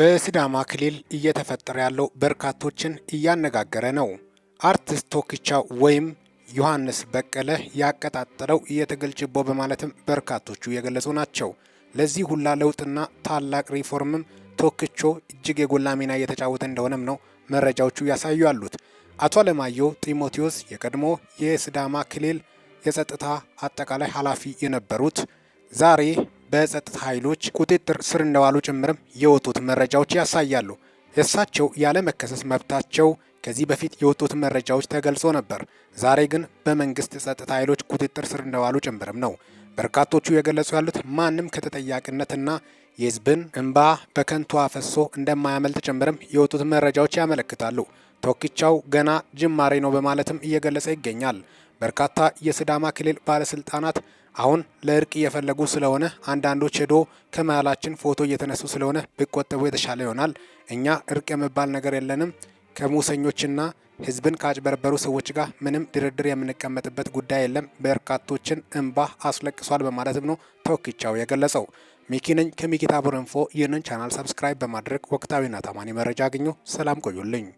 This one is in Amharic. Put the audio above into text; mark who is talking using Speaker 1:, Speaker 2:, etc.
Speaker 1: በሲዳማ ክልል እየተፈጠረ ያለው በርካቶችን እያነጋገረ ነው። አርቲስት ቶክቻ ወይም ዮሐንስ በቀለ ያቀጣጠለው የትግል ችቦ በማለትም በርካቶቹ የገለጹ ናቸው። ለዚህ ሁላ ለውጥና ታላቅ ሪፎርምም ቶክቾ እጅግ የጎላ ሚና እየተጫወተ እንደሆነም ነው መረጃዎቹ ያሳዩ አሉት። አቶ አለማየሁ ጢሞቴዎስ የቀድሞ የስዳማ ክልል የጸጥታ አጠቃላይ ኃላፊ የነበሩት ዛሬ በጸጥታ ኃይሎች ቁጥጥር ስር እንደዋሉ ጭምርም የወጡት መረጃዎች ያሳያሉ። እሳቸው ያለመከሰስ መብታቸው ከዚህ በፊት የወጡት መረጃዎች ተገልጾ ነበር። ዛሬ ግን በመንግስት ጸጥታ ኃይሎች ቁጥጥር ስር እንደዋሉ ጭምርም ነው በርካቶቹ የገለጹ ያሉት። ማንም ከተጠያቂነትና የህዝብን እንባ በከንቱ አፈሶ እንደማያመልጥ ጭምርም የወጡት መረጃዎች ያመለክታሉ። ቶክቻው ገና ጅማሬ ነው በማለትም እየገለጸ ይገኛል። በርካታ የስዳማ ክልል ባለስልጣናት አሁን ለእርቅ እየፈለጉ ስለሆነ አንዳንዶች ሄዶ ከመሃላችን ፎቶ እየተነሱ ስለሆነ ቢቆጠቡ የተሻለ ይሆናል። እኛ እርቅ የሚባል ነገር የለንም። ከሙሰኞችና ህዝብን ካጭበረበሩ ሰዎች ጋር ምንም ድርድር የምንቀመጥበት ጉዳይ የለም። በርካቶችን እንባ አስለቅሷል በማለትም ነው ተወኪቻው የገለጸው። ሚኪ ነኝ ከሚኪታቡር ኢንፎ። ይህንን ቻናል ሰብስክራይብ በማድረግ ወቅታዊና ታማኒ መረጃ አግኙ። ሰላም ቆዩልኝ።